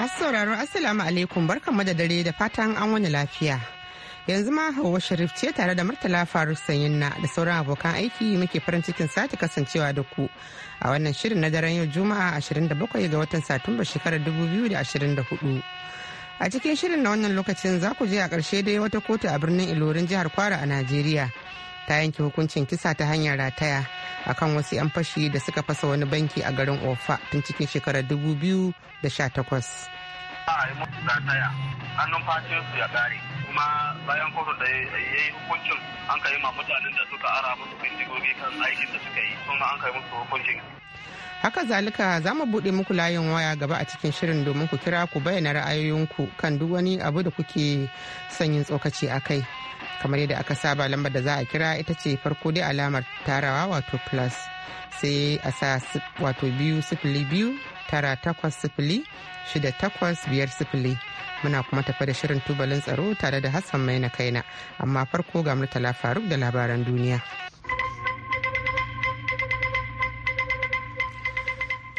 Masu sauraro Assalamu alaikum barkan da dare da fatan an wani lafiya. Yanzu ma Hauwa Sharif ce tare da Murtala Faruk Sanyinna da sauran abokan aiki muke farin cikin sati kasancewa da ku a wannan shirin na daren yau Juma'a 27 ga watan Satumba shekarar 2024. A cikin shirin na wannan lokacin za ku je a ƙarshe dai wata kotu a birnin Ilorin jihar Kwara a Najeriya ta yanke hukuncin kisa ta hanyar rataya a kan wasu 'yan fashi da suka fasa wani banki a garin ofa tun cikin shekarar 2018 a yi musu rataya an numfashin su ya kare kuma bayan kotu da ya yi hukuncin an kai ma mutanen da suka ara musu bindigogi kan aikin da suka yi sun an kai musu hukuncin haka zalika za mu buɗe muku layin waya gaba a cikin shirin domin ku kira ku bayyana ra'ayoyinku kan duk wani abu da kuke son yin tsokaci a kai kamar yadda aka saba lambar da za a kira ita ce farko dai alamar tarawa wato plus sai a sa wato biyu sifili biyu tara takwas sifili shida takwas biyar sifili muna kuma tafa da shirin tubalin tsaro tare da hassan mai na kaina amma farko ga murtala faruk da labaran duniya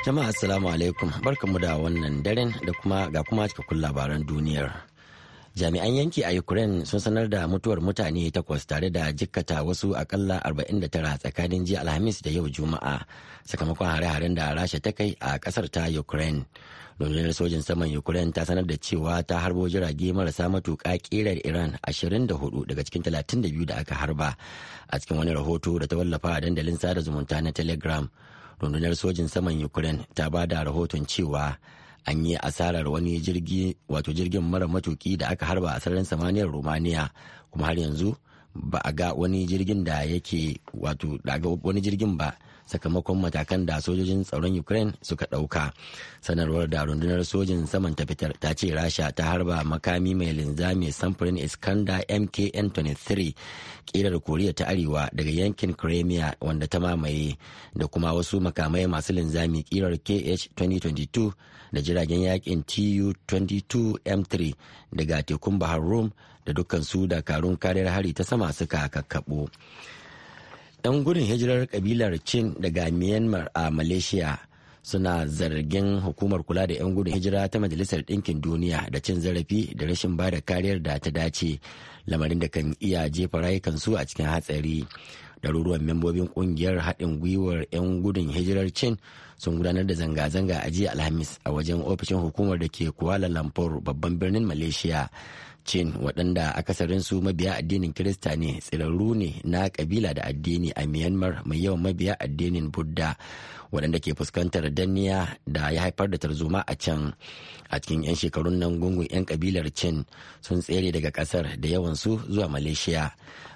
jama'a asalamu alaikum barkamu da wannan daren da kuma ga kuma cikakkun labaran duniyar jami'an yanki a ukraine sun sanar da mutuwar mutane takwas tare da jikkata wasu akalla 49 tsakanin jiya alhamis da yau juma'a sakamakon hare-haren da rasha ta kai a kasar ta ukraine rundunar sojin saman ukraine ta sanar da cewa ta harbo jirage marasa matuƙa ƙirar iran 24 daga cikin 32 da aka harba a cikin wani rahoto da ta wallafa a dandalin sada zumunta na telegram rundunar sojin saman ukraine ta ba da rahoton cewa an yi asarar wani jirgi wato jirgin mara matuki da aka harba a sararin samaniyar romania kuma har yanzu ba a ga wani jirgin da yake wato da wani jirgin ba sakamakon matakan da sojojin tsaron ukraine suka ɗauka sanarwar da rundunar sojin saman ta fitar ta ce rasha ta harba makami mai linzami samfurin iskanda mkn 23 ƙirar koriya ta arewa daga yankin crimea wanda ta mamaye da kuma wasu makamai masu linzami ƙirar kh 2022 da jiragen yakin tu-22 m3 daga tekun bahar rum da dukkansu dakarun kariyar hari ta sama suka kakkaɓo. 'yan gudun hijirar kabilar cin daga myanmar a malaysia suna zargin hukumar kula da 'yan gudun hijira ta majalisar ɗinkin duniya da cin zarafi da rashin ba da kariyar da ta dace lamarin da kan iya jefa rayukansu a cikin hatsari daruruwan membobin ƙungiyar haɗin gwiwar 'yan gudun hijirar cin sun gudanar da zanga-zanga a jiya alhamis a wajen ofishin hukumar da ke kuala lumpur babban birnin malaysia cin waɗanda akasarin su mabiya addinin kirista ne tsirarru ne na kabila da addini a myanmar mai yawan mabiya addinin budda waɗanda ke fuskantar danniya da ya haifar da tarzoma a can a cikin 'yan shekarun nan gungun 'yan kabilar cin sun tsere daga ƙasar da yawan su zuwa malaysia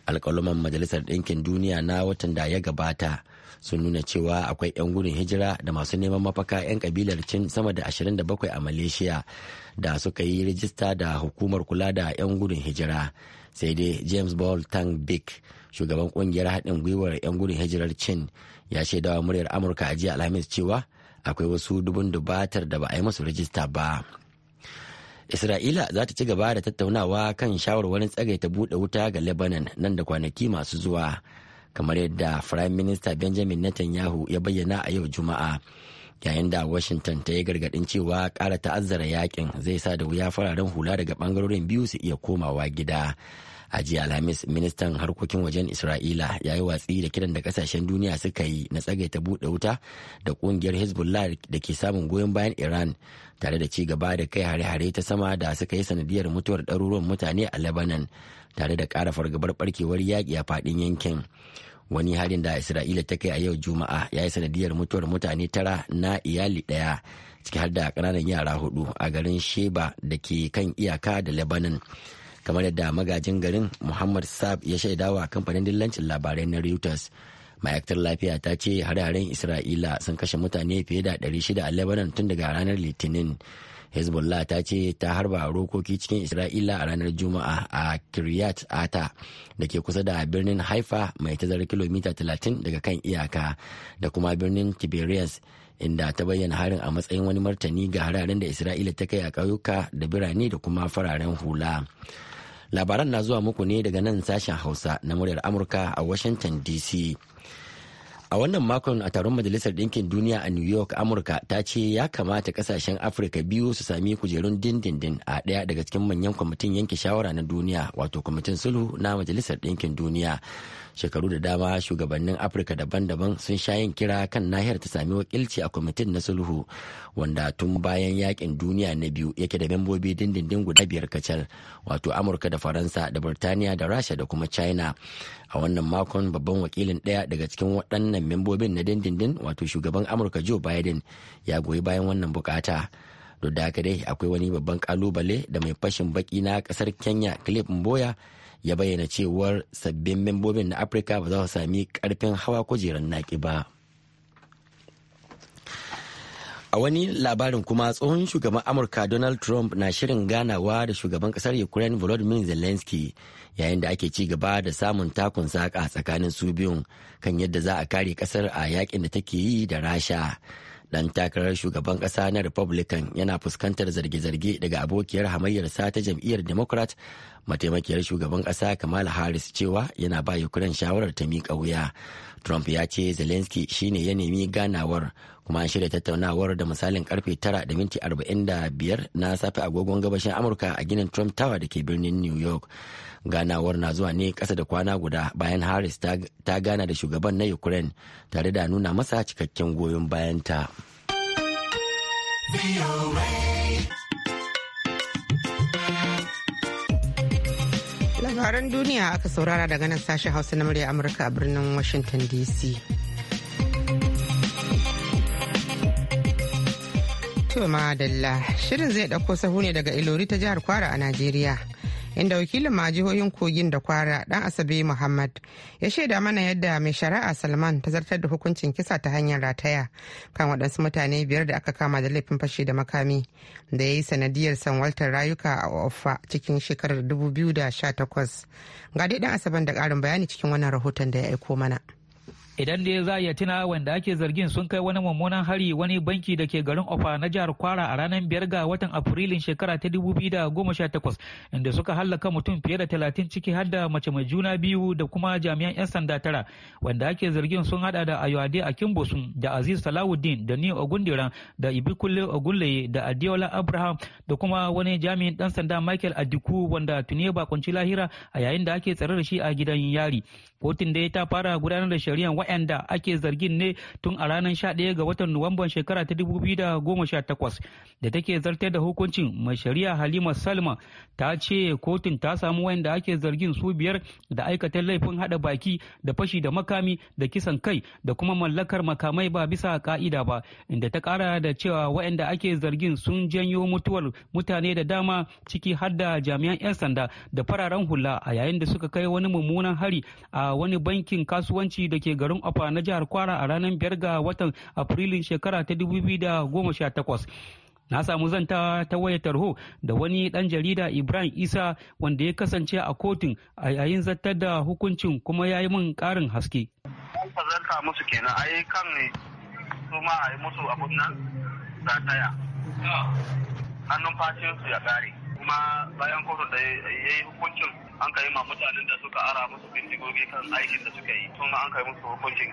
alkaluman majalisar ɗinkin duniya na watan da ya gabata sun nuna cewa akwai 'yan gudun hijira da masu neman mafaka 'yan kabilar cin sama da 27 a malaysia da suka yi rijista da hukumar kula da 'yan gudun hijira sai dai james ball tang bick shugaban kungiyar haɗin gwiwar 'yan gudun hijirar cin ya shaidawa muryar amurka a jiya alhamis cewa akwai wasu dubun dubatar da ba a yi musu rijista ba. Isra'ila za ta ci gaba da tattaunawa kan shawarwarin ta buɗe wuta ga Lebanon nan da kwanaki masu zuwa, kamar yadda Firayim Minista Benjamin Netanyahu ya bayyana a yau Juma'a. Yayin da Washington ta yi gargaɗin cewa ƙara ta'azzara yakin zai sa da wuya fararen hula daga ɓangarorin biyu su iya komawa gida. a jiya alhamis ministan harkokin wajen isra'ila ya yi watsi da kiran da kasashen duniya suka yi na tsagaita buɗe wuta da ƙungiyar hezbollah da ke samun goyon bayan iran tare da ci gaba da kai hare-hare ta sama da suka yi sanadiyar mutuwar ɗaruruwan mutane a lebanon tare da ƙara fargabar barkewar yaƙi a faɗin yankin wani harin da isra'ila ta kai a yau juma'a ya yi sanadiyar mutuwar mutane tara na iyali ɗaya ciki har da ƙananan yara hudu a garin sheba da ke kan iyaka da lebanon kamar yadda magajin garin muhammad saab ya shaidawa kamfanin dillancin labarai na reuters ma'aikatar lafiya ta ce hare-haren isra'ila sun kashe mutane fiye da 600 a lebanon tun daga ranar litinin hezbollah ta ce ta harba rokoki cikin isra'ila a ranar juma'a a kiryat ata da ke kusa da birnin haifa mai tazarar kilomita 30 daga kan iyaka da kuma birnin tiberias inda ta bayyana harin a matsayin wani martani ga hararen da isra'ila ta kai a ƙauyuka da birane da kuma fararen hula labaran na zuwa muku ne daga nan sashen hausa na muryar amurka a washington dc a wannan makon a taron majalisar ɗinkin duniya a new york amurka ta ce ya kamata kasashen afirka biyu su sami kujerun dindindin a ɗaya daga cikin manyan kwamitin yanke shawara na duniya wato kwamitin sulhu na majalisar ɗinkin duniya shekaru da dama shugabannin afirka daban-daban sun sha yin kira kan nahiyar ta sami wakilci a kwamitin na sulhu wanda tun bayan yakin duniya na biyu yake da membobi dindindin guda biyar kacal wato amurka da faransa da birtaniya da rasha da kuma china a wannan makon babban wakilin daya daga cikin waɗannan membobin na dindindin wato shugaban amurka joe biden ya goyi bayan wannan bukata duk da haka dai akwai wani babban kalubale da mai fashin baki na kasar kenya clip mboya ya bayyana cewar sabbin membobin na afirka ba za su sami karfin hawa kujerar naki ba a wani labarin kuma tsohon shugaban amurka donald trump na shirin ganawa da shugaban kasar ukraine volodymyr zelensky yayin da ake ci gaba da samun takun saƙa tsakanin su biyun kan yadda za a kare kasar a yakin da take yi da rasha dan takarar shugaban kasa na republican yana fuskantar zarge-zarge daga abokiyar hamayyarsa ta jam'iyyar democrat mataimakiyar shugaban ƙasa kamala harris cewa yana ba ukraine shawarar ta miƙa wuya trump ya ce zelensky shine ya nemi ganawar kuma an shirya tattaunawar da misalin karfe 9.45 na safe agogon gabashin amurka a ginin trump tower da ke birnin new york ganawar na zuwa ne kasa da kwana guda bayan harris ta gana da shugaban na ukraine tare da nuna masa cikakken goyon bayanta. labaran duniya aka saurara daga nan sashen hausa na murya amurka a birnin washington dc to madalla shirin zai ɗauko sahu ne daga ilori ta jihar kwara a najeriya inda wakilin majihohin kogin da kwara dan asabe muhammad ya shaida mana yadda mai shari'a salman ta zartar da hukuncin kisa ta hanyar rataya kan waɗansu mutane biyar da aka kama da laifin fashe da makami da ya yi sanadiyar sanwaltar rayuka a ofa cikin shekarar 2018 ga dai dan asabe da ƙarin bayani cikin wannan rahoton da ya aiko mana. idan dai za ya tuna wanda ake zargin sun kai wani mummunan hari wani banki da ke garin ofa na jihar kwara a ranar biyar ga watan afrilun shekara ta dubu biyu da goma sha takwas inda suka hallaka mutum fiye da talatin ciki har da mace mai juna biyu da kuma jami'an yan sanda tara wanda ake zargin sun hada da ayoade akimbosun da aziz salawuddin da ni ogundiran da ibikulle ogunleye da adiola abraham da kuma wani jami'in dan sanda michael adiku wanda tuni ya bakunci lahira a yayin da ake tsare da shi a gidan yari kotun ya ta fara gudanar da shari'a waɗanda ake zargin ne tun a ranar 11 ga watan Nuwamban shekara ta 2018 da take zartar da hukuncin mai shari'a Halima Salma ta ce kotun ta samu waɗanda ake zargin su biyar da aikata laifin hada baki da fashi da makami da kisan kai da kuma mallakar makamai ba bisa ka'ida ba inda ta kara da cewa waɗanda ake zargin sun janyo mutuwar mutane da dama ciki har da jami'an 'yan sanda da fararen hula a yayin da suka kai wani mummunan hari a wani bankin kasuwanci da ke garin garin afa na jihar Kwara a ranar biyar ga watan Afrilun shekara ta goma 2018. na samu zanta ta waya tarho da wani dan jarida ibrahim isa wanda ya kasance a kotun a yayin zartar da hukuncin kuma ya yi min karin haske musu kenan ah. hannun fashin su ya kare kuma bayan kotun da ya yi hukuncin an kai ma mutanen da suka ara musu bindigogi kan aikin da suka yi sun an kai musu hukuncin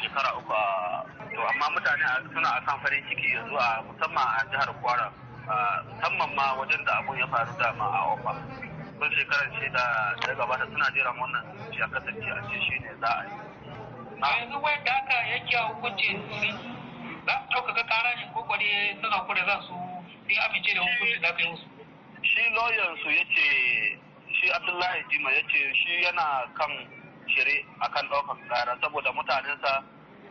shekara uku to amma mutane suna a kan farin ciki yanzu a musamman a jihar kwara musamman ma wajen da abun ya faru dama a ofa sun shekarar ce da ya gabata suna jiran wannan ya kasance a ce shi ne za a yi yanzu wai da aka yanke hukunci sun za su ɗaukaka ƙara ne ko kwade suna kure za su yi amince da hukuncin da aka yi musu shi lawyer ya ce shi abdullahi jima ya ce shi yana kan shiri akan ɗaukar ƙara saboda mutanensa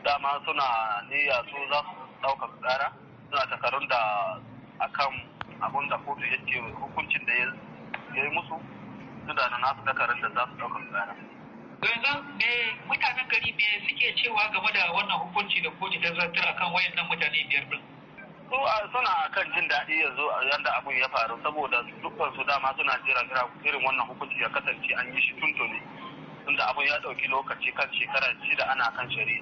dama suna niyya su za su ɗaukar ƙara suna takarun da akan abun da kotu ya ce hukuncin da ya yi musu suna da nasu takarun da za su ɗaukar ƙara. yanzu me mutanen gari me suke cewa game da wannan hukunci da kotu ta zartar akan wayannan mutane biyar din su suna kan jin daɗi yanzu yanda abun ya faru saboda dukkan su dama suna jira irin wannan hukunci ya kasance an yi shi tuntuni tunda abun ya ɗauki lokaci kan shekara shida ana kan shari'a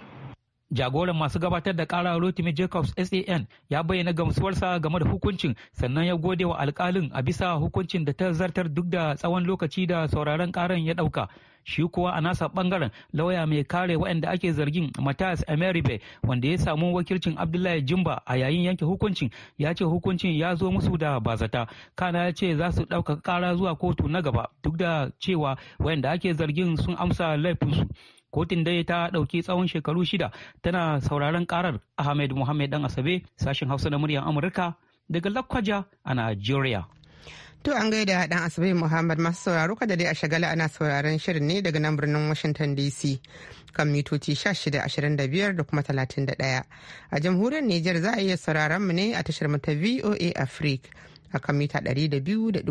jagoran masu gabatar da kara rotimi jacobs san ya bayyana gamsuwarsa game da hukuncin sannan ya gode wa alkalin a bisa hukuncin da ta zartar duk da tsawon lokaci da sauraron karan ya ɗauka shi kuwa a nasa bangaren lauya mai kare waɗanda ake zargin matas emeribe wanda ya samu wakilcin abdullahi jimba a yayin yanke hukuncin ya ce hukuncin ya zo musu da bazata kana ya ce za su ɗauka kara zuwa kotu na gaba duk da cewa waɗanda ake zargin sun amsa laifinsu kotun dai ta ɗauki tsawon shekaru shida tana sauraron karar ahmed muhammed dan asabe sashen hausa na muryar amurka daga lakwaja a nigeria To an gaida dan Asabe Muhammad masu sauraro kada dai a shagala ana sauraron shirin ne daga nan birnin Washington DC kan mitoci 1625 da kuma 31. A jamhuriyar niger za a iya sauraron mu ne a tashar mu ta VOA Africa a kan mita 200.5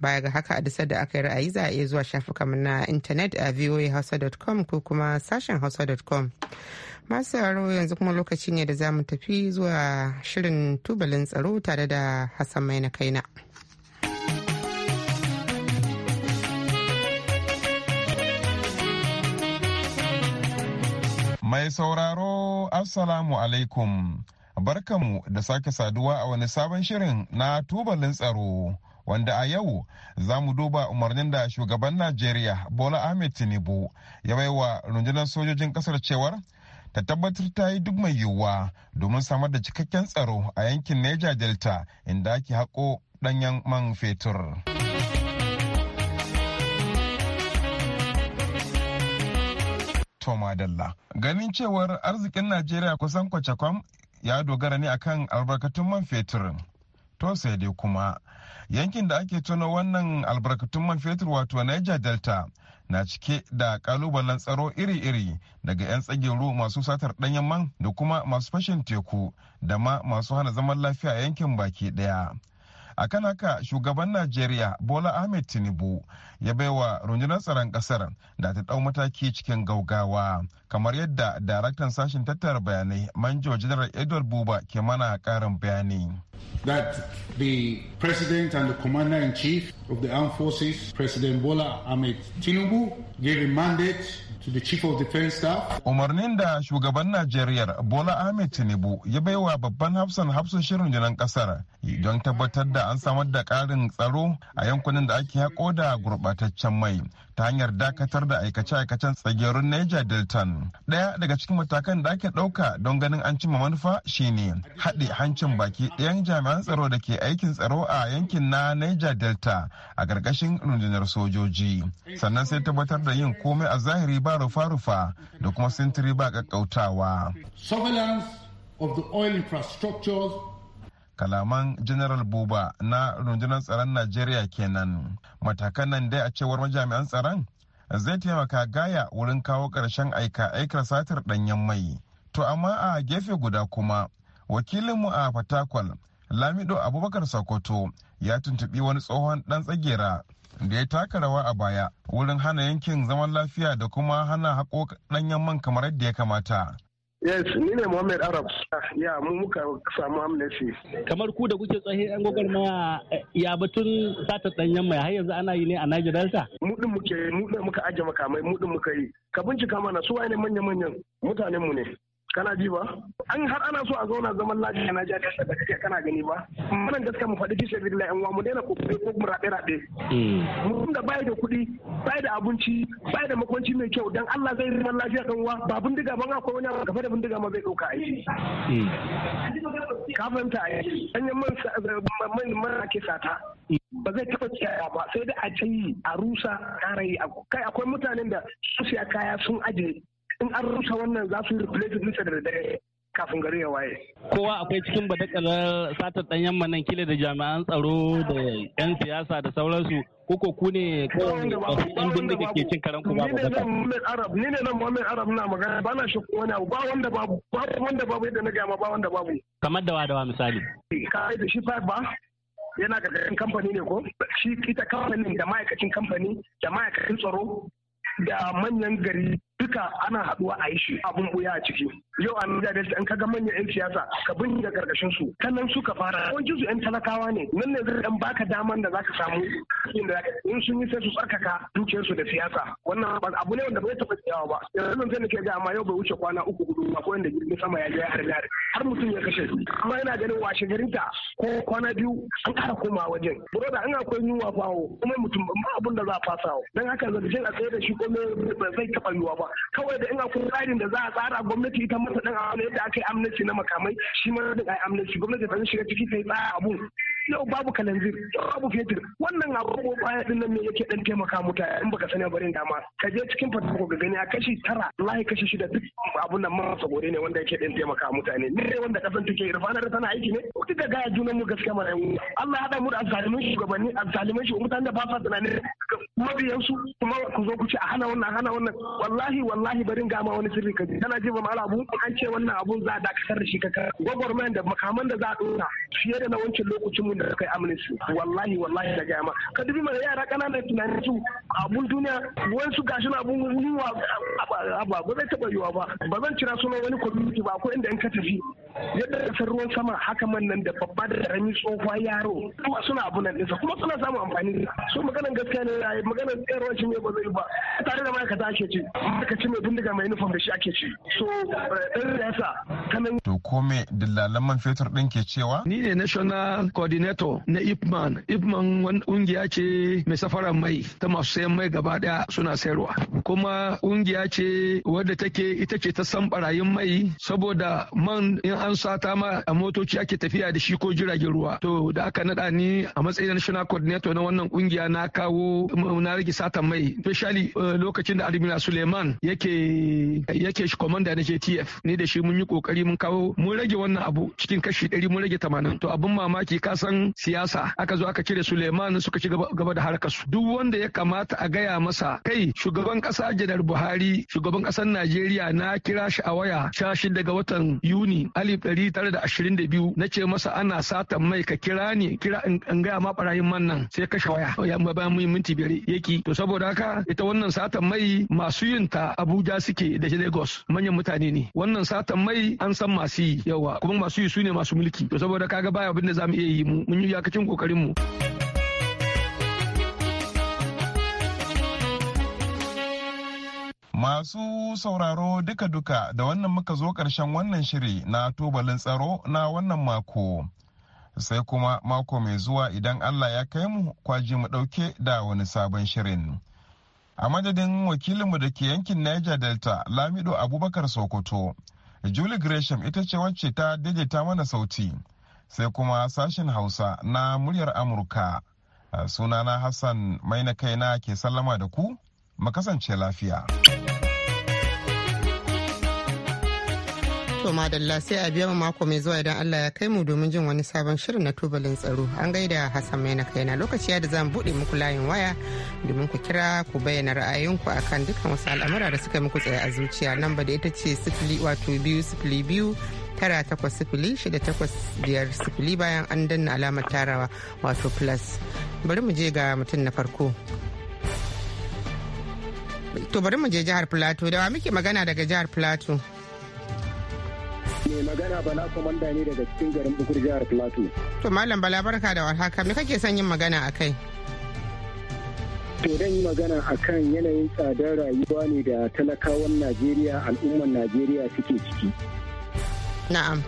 baya ga haka a disar da aka yi ra'ayi za a iya zuwa shafukan na intanet a voahausa.com ko kuma sashen hausa.com masu yaro yanzu kuma lokaci ne da za mu tafi zuwa shirin tubalin tsaro tare da hassan mai na kaina. Mai sauraro, Assalamu alaikum. barkanmu da sake saduwa a wani sabon shirin na tubalin tsaro wanda a yau za mu duba umarnin da shugaban najeriya bola ahmed tinubu ya bai wa rundunar sojojin kasar cewar ta tabbatar ta yi duk mai yiwuwa domin samar da cikakken tsaro a yankin neja delta inda ake haƙo ɗanyen man fetur. Toma Ganin cewar arzikin Najeriya kusan kwacakwam ya dogara ne akan albarkatun man fetur to sai dai kuma yankin da ake tono wannan albarkatun man fetur wato niger delta na cike da kalubalen tsaro iri-iri daga 'yan tsageru masu satar danyen man da kuma masu fashin teku da ma masu hana zaman lafiya a yankin baki daya. a kan haka shugaban najeriya bola ahmed tinubu ya bai wa rundunar tsaron kasar da ta dau mataki cikin gaugawa kamar yadda daraktan sashen tattara bayanai manjo janar edward buba ke mana karin bayani that the President and the Commander in Chief of the Armed Forces, President Bola Ahmed Tinubu, gave a mandate of Umarnin da shugaban Najeriya Bola Ahmed Tinubu ya baiwa babban hafsan hafsan shirin jinan kasar don tabbatar da an samar da ƙarin tsaro a yankunan da ake haƙo da gurɓataccen mai ta hanyar dakatar da aikace-aikacen tsagerun Niger Delta. Ɗaya daga cikin matakan da ake ɗauka don ganin an cimma manufa shine haɗe hancin baki ɗayan jami'an tsaro da ke aikin tsaro a yankin na Niger Delta a ƙarƙashin rundunar sojoji. Sannan sai tabbatar da yin komai a zahiri ba rufa-rufa da kuma sintiri ba ƙaƙƙautawa. Surveillance of the oil infrastructures kalaman general buba na rundunar tsaron najeriya kenan matakan nan dai a cewar majami'an tsaron zai taimaka gaya wurin kawo ƙarshen aika aikar satar ɗanyen mai to amma a gefe guda kuma wakilinmu a fatakwal lamido abubakar sokoto ya tuntuɓi wani tsohon ɗan tsagera da ya taka rawa a baya wurin hana yankin zaman lafiya da kuma hana haƙo ɗanyen man kamar yadda ya kamata Yes, ni ne mohammed Arab. Ah, ya mu muka samu amnesty. Kamar ku da kuke tsaye yan ma eh, ya batun sata danyen mai har yanzu ana yi ne a Niger Delta? Mu din muke mu muka aje makamai mu din muka yi. Ka bincika mana su wane manya-manyan mutanen mu ne. kana ji ba an har ana so a zauna zaman lafiya na ja kasa da kake kana gani ba wannan gaskiya mu faɗi bisa billahi yan mu daina kokari ko mu rabe rabe Mu da bai da kuɗi bai da abinci bai da makwanci mai kyau dan Allah zai zaman lafiya kan uwa ba bindiga ban akwai wani abu gaba da bindiga ma zai dauka aiki hmm. ka fahimta ai danyen eh, man man man ke sata ba zai taɓa kiyaya ba sai dai a canyi a rusa karayi akwai mutanen da su siya kaya sun ajiye. in an rusa wannan za su replace nisa da dare kafin gari ya waye. Kowa akwai cikin badakalar satar ɗan yamma nan kila da jami'an tsaro da 'yan siyasa da sauransu koko ku ne kawai ɗan bindiga ke cin karanku kuma ba zaka. Ni ne nan Muhammad Arab na magana ba na shakku wani abu ba wanda babu ba wanda babu yadda na ma ba wanda babu. Kamar dawa dawa misali. Ka da shi ba yana ga kamfani ne ko shi ita kamfanin da ma'aikacin kamfani da ma'aikacin tsaro da manyan gari duka ana haduwa a yi shi abun buya a ciki yau an Niger Delta in kaga manyan yan siyasa ka binne karkashin su ta nan suka fara yawancin su yan talakawa ne nan ne zai dan baka daman da zaka samu aikin da in sun yi sai su tsarkaka dukiyarsu da siyasa wannan abu ne wanda bai taɓa tsayawa ba yanzu zan ke ga amma yau bai wuce kwana uku hudu ba ko wanda jirgin sama ya je har gari har mutum ya kashe su amma ina ganin washe garinta ko kwana biyu an ƙara koma wajen broda in akwai yunwa fawo kuma mutum ba abun da za a wa. Dan haka zan zargin a tsaye da shi ko ba zai taɓa yiwuwa ba kawai da in akwai tsarin da za a tsara gwamnati ita masa ɗan a wani yadda aka yi amnesty na makamai shi ma da amnesty gwamnati ta shiga ciki ta yi tsara abun yau babu kalanzir yau babu fetur wannan abubuwa baya din nan ne yake dan taimaka mutane in baka sani barin dama ka je cikin fatako ga gani a kashi tara lahi kashi shida duk abun nan ma gore ne wanda yake dan taimaka mutane ne wanda kasan take da tana aiki ne duk da gaya junan mu gaskiya mara yau Allah ya hada mu da azalimin shugabanni azalimin shi mutane da ba sa tunanin mabiyan su kuma ku zo ku ce a hana wannan hana wannan wallahi wallahi barin gama wani sirri ka ji kana jiba ba abu, an ce wannan abun za a dakatar da shi ka gwagwarmayan da makaman da za a dora fiye da na wancan lokacin abin da suka yi amnesty wallahi wallahi da gama ka dubi mana yara kanana tunanin su abun duniya wasu gashi na abun yiwa ba ba zai taba yiwa ba ba zan cira sunan wani community ba ko inda in ka tafi yadda rasar ruwan sama haka man nan da babba da rami tsofa yaro kuma suna abu nan ɗinsa kuma suna samun amfani da so maganan gaskiya ne yi maganan tsayarwa shi ne ba zai ba tare da ma'aikata ake ci ma'aikaci mai bindiga mai nufin da shi ake ci so eh, ɗan yasa. ta to kome dillalan man fetur ɗin ke cewa. ni ne national coordinator na ipman ipman wani ƙungiya ce mai safara mai ta masu sayan mai gaba ɗaya suna sayarwa kuma ƙungiya ce wadda take ita ce ta san barayin mai saboda man in an sata ma a motoci ake tafiya da shi ko jiragen ruwa to da aka nada ni a matsayin national coordinator na wannan kungiya na kawo na rage satan mai especially eh, lokacin da admiral suleiman yake yake shi komanda na jtf ni da shi mun yi kokari mun kawo mun rage wannan abu cikin kashi ɗari mun rage tamanin to abun mamaki ka san siyasa aka zo aka cire suleiman suka ci gaba da harkar su duk wanda ya kamata a gaya masa kai shugaban kasa janar buhari shugaban kasar najeriya na kira shi a waya sha daga watan yuni ali alif ɗari da ashirin da biyu na ce masa ana satan mai ka kira ni kira in gaya ma barayin man nan sai kashe waya ya bayan mun minti biyar yake to saboda haka ita wannan satan mai masu yin ta Abuja suke da Lagos manyan mutane ne wannan satan mai an san masu yi yawa kuma masu yi su ne masu mulki to saboda kaga baya abin da zamu iya yi mu mun yi yakacin kokarin mu. Masu sauraro duka-duka da wannan muka zo ƙarshen wannan shiri na tubalin tsaro na wannan mako. Sai kuma mako mai zuwa idan Allah ya kai mu kwaji mu ɗauke da wani sabon shirin. A madadin wakilinmu da ke yankin Niger Delta Lamido Abubakar Sokoto, Julie Gresham ita ce wacce ta daidaita mana sauti. Sai kuma sashen Hausa na muryar Amurka. Sunana Hassan mai kai na ke sallama da ku, mu kasance lafiya. To madalla sai a biya mako mai zuwa idan Allah ya kai mu domin jin wani sabon shirin na tubalin tsaro. An gaida Hassan mai na kaina lokaci ya da zan bude muku layin waya domin ku kira ku bayyana ra'ayinku akan dukkan wasu al'amura da suka muku tsaye a zuciya. Nan ba da ita ce sifili wato biyu sifili biyu tara takwas sifili shida takwas biyar sifili bayan an danna alamar tarawa wato plus. Bari mu je ga mutum na farko. To bari mu je jihar Plateau da wa muke magana daga jihar Plateau. Mai magana Bala Komanda ne daga cikin garin Bukur jihar Plateau. To Malam Bala barka da warhaka me kake son yin magana a kai? To zan yi magana a kan yanayin tsadar rayuwa ne da talakawan Najeriya al'umman Najeriya suke ciki. Na'am.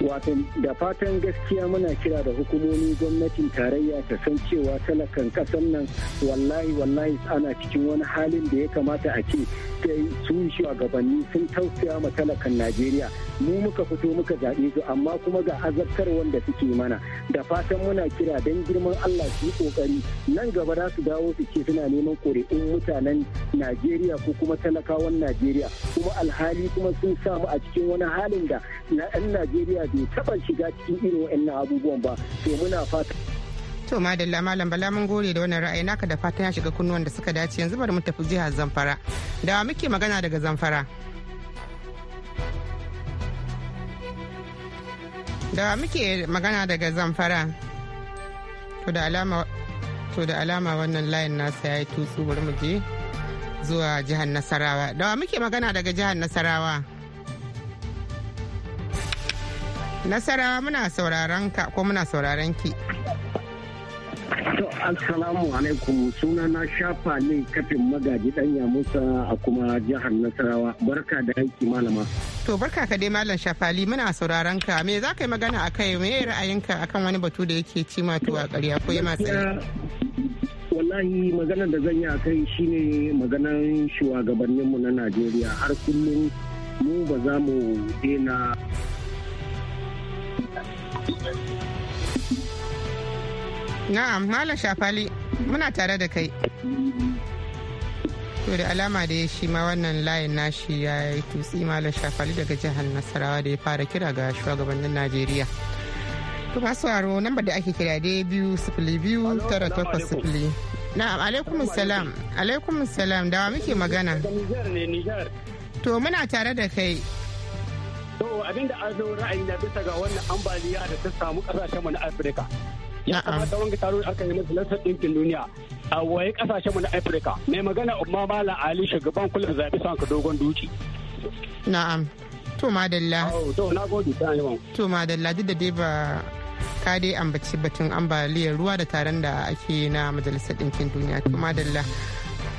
Wato da fatan gaskiya muna kira da hukumomi gwamnatin tarayya ta san cewa talakan kasan nan wallahi wallahi ana cikin wani halin da ya kamata a ce suka yi su shugabanni sun tausaya ma talakan najeriya mu muka fito muka zaɓe su amma kuma ga azabtar wanda suke mana da fatan muna kira don girman allah su yi kokari nan gaba za su dawo su ce suna neman ƙuri'un mutanen najeriya ko kuma talakawan najeriya kuma alhali kuma sun samu a cikin wani halin da na 'yan najeriya bai taɓa shiga cikin irin wa'annan abubuwan ba to muna fata To madalla malam bala mun gore da wannan ra'ayi naka da fatan ya shiga kunnuwan da suka dace yanzu bari mu tafi jihar Zamfara. Da muke magana daga Zamfara. Da muke magana daga Zamfara. To da alama to da alama wannan layin nasa ya yi tutsu bari mu je zuwa jihar Nasarawa. Da muke magana daga jihar Nasarawa. Nasarawa muna sauraron ka ko muna sauraron ki. To assalamu alaikum suna na shafa ne kafin magaji dan Musa a kuma jihar Nasarawa barka da aiki malama. To barka ka dai malam Shafali muna sauraron ka me za ka yi magana kai? me ra'ayinka akan wani batu da yake ci ma tuwa ƙarya ko yi wallahi maganar da zan yi a kai shine maganar mu na najeriya har kullum mu ba za mu dena. Na'am, Malam Shafali, muna tare da kai. To da alama da ya shi ma wannan layin nashi ya yi tutsi Malam Shafali daga jihar Nasarawa da ya fara kira ga shugabannin Najeriya. To masu waro namba da ake kira dai biyu sifili biyu tara takwas sifili. Na'am, alaikum salam, alaikum salam, dawa muke magana. To muna tare da kai. To abinda a zo ra'ayi na bisa ga wannan ambaliya da ta samu kasashen mu na Afirka. ya kamata wanga taro da aka yi na filantar ɗinkin duniya a waye kasashen mu na afirka mai magana umma mala ali shugaban kula da zaɓe ka dogon duci na'am to madalla oh, to na gode ta yawan to madalla duk da dai ba ka dai ambaci batun ambaliyar ruwa da taron da ake na majalisar ɗinkin duniya to madalla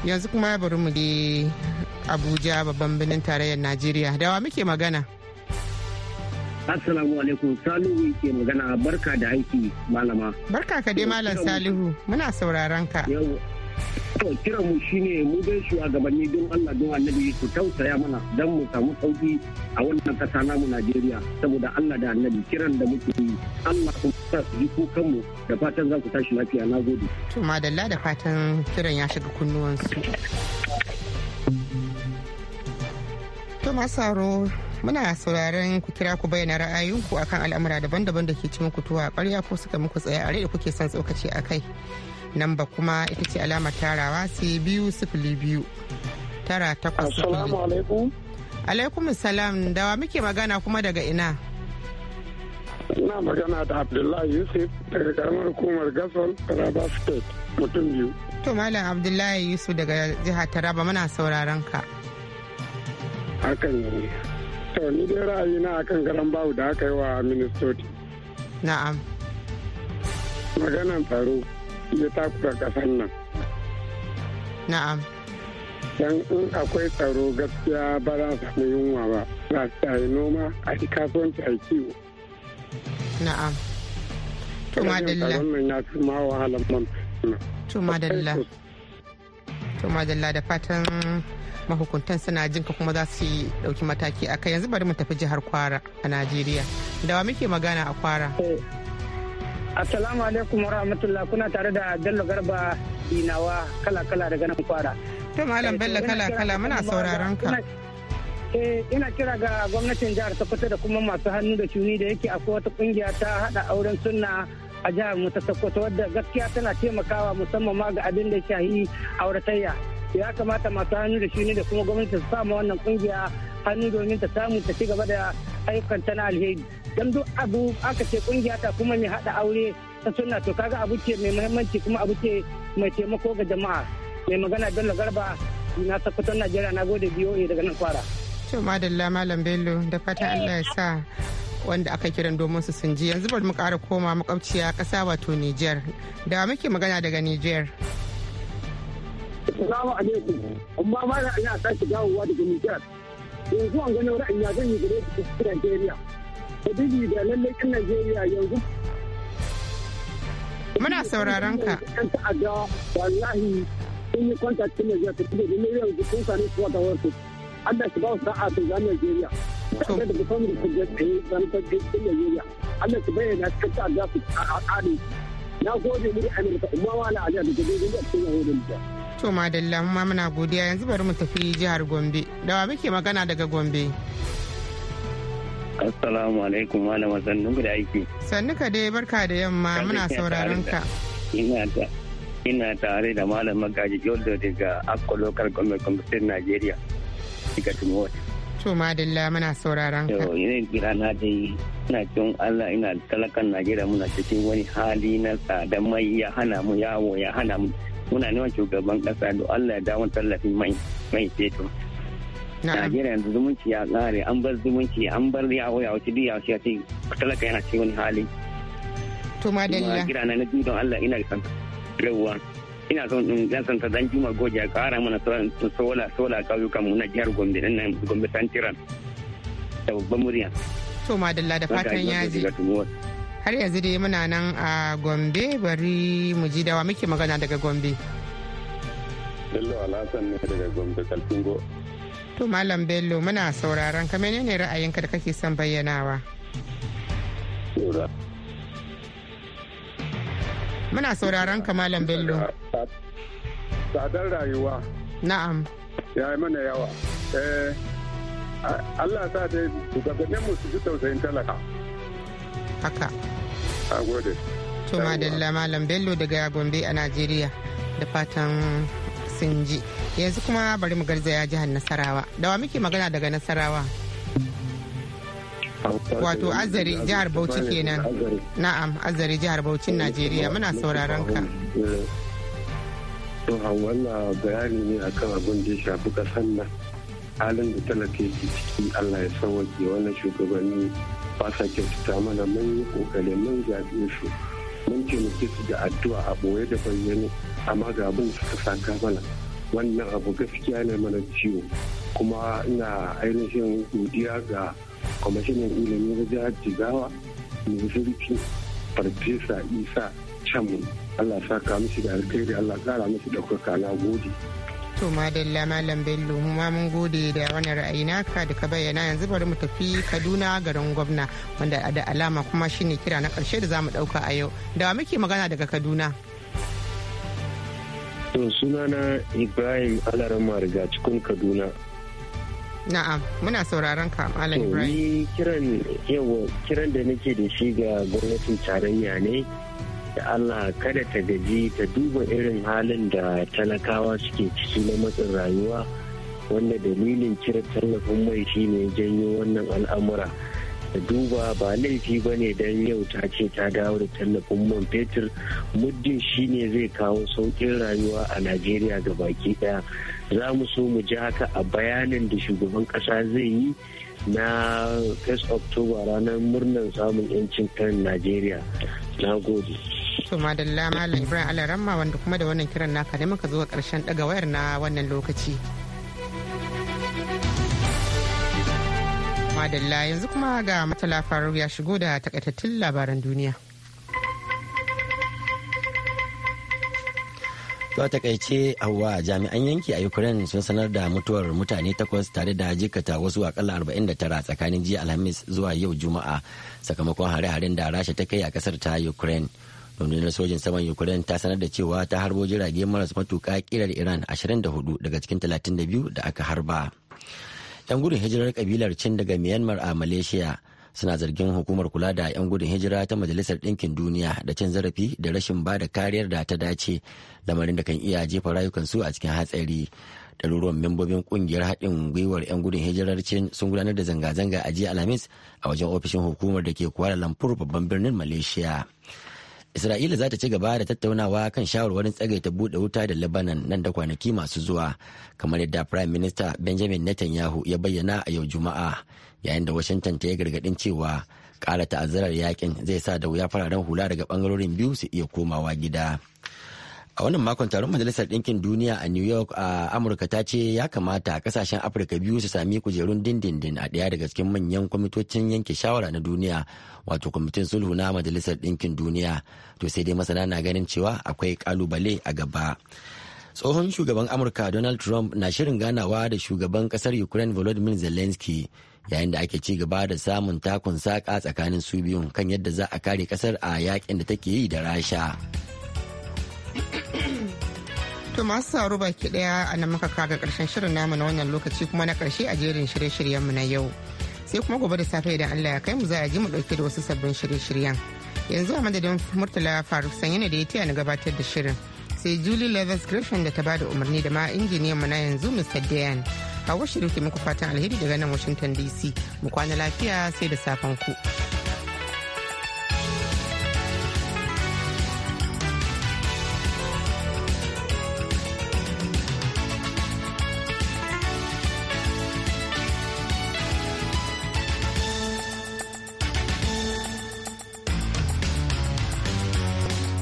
yanzu kuma bari mu je abuja babban birnin tarayyar najeriya dawa muke magana Assalamu alaikum Salihu ke magana barka da aiki malama. Barka ka dai malam Salihu muna sauraron ka. To ne mu shine mu dai shugabanni don Allah don Annabi su tausaya mana don mu samu sauki a wannan kasa namu Najeriya saboda Allah da Annabi kiran da muke yi Allah ku sa su yi kukan da fatan za ku tashi lafiya na gode. To madalla da fatan kiran ya shiga kunnuwansu. To muna sauraron ku kira ku bayyana ra'ayinku akan al'amura daban-daban da ke cin ku tuwa ƙwarya ko suka muku tsaye a da kuke son tsokaci a kai nan ba kuma ita ce alamar tarawa sai biyu sifili biyu tara takwas sifili alaikum alaikum salam dawa muke magana kuma daga ina ina magana da abdullahi yusuf daga karamar hukumar gasol taraba state mutum biyu to malam abdullahi yusuf daga jihar taraba muna sauraron ka hakan ne to ni dai ra'ayi na akan garan bawu da aka yi wa ministoci na'am maganan tsaro ya takura kasan nan na'am dan in akwai tsaro gaskiya ba za su samu yunwa ba za su yi noma a yi kasuwanci a kiwo na'am to madalla wannan ya fi ma wahalar man to madalla to madalla da fatan mahukuntan suna jinka kuma za su yi dauki mataki a kai yanzu bari mu tafi jihar kwara a najeriya da wa muke magana a kwara eh, assalamu alaikum wa rahmatullah kuna tare da bello garba dinawa kala kala daga nan kwara to malam bello eh, kala kala muna sauraron ka eh, ina kira ga gwamnatin jihar sokoto da kuma masu hannu da shuni da yake akwai wata kungiya ta hada auren sunna a jihar mu ta sokoto wadda gaskiya tana taimakawa musamman ma ga abin da shahi auratayya ya kamata masu hannu da shi ne da kuma gwamnati su samu wannan kungiya hannu domin ta samu ta ci gaba da ayyukan ta na alheri don duk abu aka ce kungiya ta kuma mai haɗa aure ta suna to kaga abu ce mai muhimmanci kuma abu ce mai taimako ga jama'a mai magana bello lagarba na sakkwaton najeriya na gode boa daga nan fara. to madalla malam bello da fatan allah ya sa wanda aka kiran domin su sun ji yanzu bari mu kara koma makwabciya kasa wato niger da muke magana daga niger. Assalamu alaikum. Amma ma ya ina sake dawowa daga Nijar. Yanzu an gano ra'ayi ya zan yi gare su cikin Najeriya. dubi da lalle kan Najeriya yanzu. Muna sauraron ka. ta'adda wallahi sun yi kwantar cikin Najeriya ta cikin da miliyan yanzu sun sani su wata wasu. Allah ya ba su sa'a su zama Najeriya. Ta'adda da kusan da su gaske zan ta cikin Najeriya. Allah ya bayyana kan ta'adda su a ƙare. Na gode mu da umma umarwa na Ali Abdul da cikin Yahudun da. To madalla ma muna godiya yanzu bari mu tafi jihar Gombe. wa muke magana daga Gombe. Assalamu alaikum malama sannu da aiki. Sannu ka dai barka da yamma muna sauraron ka. Ina tare da malam magaji Jordo daga Akko Local Government Commission Nigeria. Daga Tumot. To madalla muna sauraron ka. To ina kira na dai ina cikin Allah ina talakan Najeriya muna cikin wani hali na tsadan mai ya hana mu yawo ya hana mu muna neman shugaban kasa da Allah ya dawo tallafin mai mai fetur Najeriya yanzu zumunci ya tsare an bar zumunci an bar yawo yawo ci biya ya ce talaka yana cikin hali. To madalla. Kira na na don Allah ina san yawwa. Ina son in dan san ta dan Juma Goje ya kara mana sola sola kauyukan mu na jihar Gombe din nan Gombe Santiran. Da babban murya. To madalla da fatan ya ji. har yanzu dai muna nan a gombe bari mu ji dawa muke magana daga gombe bello alasan ne daga gombe kalfingo to malam bello muna sauraron ka menene ra'ayinka da kake son bayyanawa muna sauraron ka malam bello tsadar rayuwa na'am ya yi mana yawa eh, Allah sa dai mu su ji tausayin talaka haka to madalla malam bello daga gombe a najeriya da fatan sun ji yanzu kuma bari mu garzaya jihar nasarawa dawa muke magana daga nasarawa wato azari jihar bauchi kenan na'am azari jihar baucin najeriya muna sauraron ka to wannan bayani ne akan abin da ya shafi kasan nan halin da talaka ke ciki allah ya sauwake wannan shugabanni ba sa kyautata mana mun yi kokari mun zaɓe su mun taimake su da addu'a a ɓoye da bayyane amma ga abin suka saka mana wannan abu gaskiya ne mana ciwo kuma ina ainihin godiya ga kwamishinan ilimi na jihar jigawa mai zurfi farfesa isa camu allah sa ka musu da alkhairi allah kara musu ɗaukaka na gode to madalla malam bello mu ma mun gode da wannan ra'ayi naka da ka bayyana yanzu bari mu tafi kaduna garin gwamna wanda da alama kuma shine kira na karshe da zamu dauka a yau da muke magana daga kaduna to sunana ibrahim alarama daga cikin kaduna na'am muna sauraron ka malam ibrahim kiran yau kiran da nake da shi ga gwamnatin tarayya ne da Allah kada ta gaji ta duba irin halin da talakawa suke ciki na matsin rayuwa wanda dalilin cire tallafin mai shine janyo wannan al'amura ta duba ba laifi ba ne don yau ta ce ta dawo da tallafin man fetur muddin shine zai kawo sauƙin rayuwa a najeriya ga baki daya za mu so mu ji haka a bayanin da shugaban ƙasa zai yi na 1 october ranar murnar samun 'yancin kan najeriya na gode to madalla malam ibrahim alaramma wanda kuma da wannan kiran naka ne muka zo karshen daga wayar na wannan lokaci madalla yanzu kuma ga matala faru ya shigo da takaitattun labaran duniya To takaice hawa jami'an yanki a Ukraine sun sanar da mutuwar mutane takwas tare da jikata wasu akalla 49 tsakanin jiya Alhamis zuwa yau Juma'a sakamakon hare-haren da Rasha ta kai a kasar ta Ukraine. rundunar sojin saman ukraine ta sanar da cewa ta harbo jirage maras matuƙa kirar iran 24 daga cikin 32 da aka harba yan gudun hijirar kabilar cin daga myanmar a malaysia suna zargin hukumar kula da 'yan gudun hijira ta majalisar ɗinkin duniya da cin zarafi da rashin ba da kariyar da ta dace lamarin da kan iya jefa rayukansu a cikin hatsari ɗaruruwan membobin ƙungiyar haɗin gwiwar 'yan gudun hijirar cin sun gudanar da zanga-zanga a jiya alhamis a wajen ofishin hukumar da ke kuala lumpur babban birnin malaysia isra'ila za ta ci gaba da tattaunawa kan shawarwarin tsagaita buɗe wuta da lebanon nan da kwanaki masu zuwa kamar yadda prime minister benjamin netanyahu ya bayyana a yau juma'a yayin da washington ta yi gargaɗin cewa ƙara ta'azzarar yakin zai sa da wuya fararen hula daga ɓangarorin biyu su iya komawa gida. a wannan makon taron majalisar ɗinkin duniya a new york a amurka ta ce ya kamata kasashen afirka biyu su sami kujerun dindindin a ɗaya daga cikin manyan kwamitocin yanke shawara na duniya wato kwamitin sulhu na majalisar ɗinkin duniya to sai dai masana na ganin cewa akwai kalubale a gaba tsohon shugaban amurka donald trump na shirin ganawa da shugaban ƙasar ukraine volodymyr zelensky yayin da ake ci gaba da samun takun saƙa tsakanin su biyun kan yadda za a kare ƙasar a yakin da take yi da rasha To masu sauraro baki daya a nan muka kaga karshen shirin namu na wannan lokaci kuma na karshe a jerin shirye shiryen mu na yau. Sai kuma gobe da safe idan Allah ya kai mu za a ji mu dauke da wasu sabbin shirye-shiryen. Yanzu a madadin Murtala Faruk ne da ya taya na gabatar da shirin. Sai Julie Leathers Griffin da ta ba da umarni da ma injiniyan mu na yanzu Mr. Dayan. Hawa shirin ke muku fatan alheri daga nan Washington DC. Mu kwana lafiya sai da safen ku.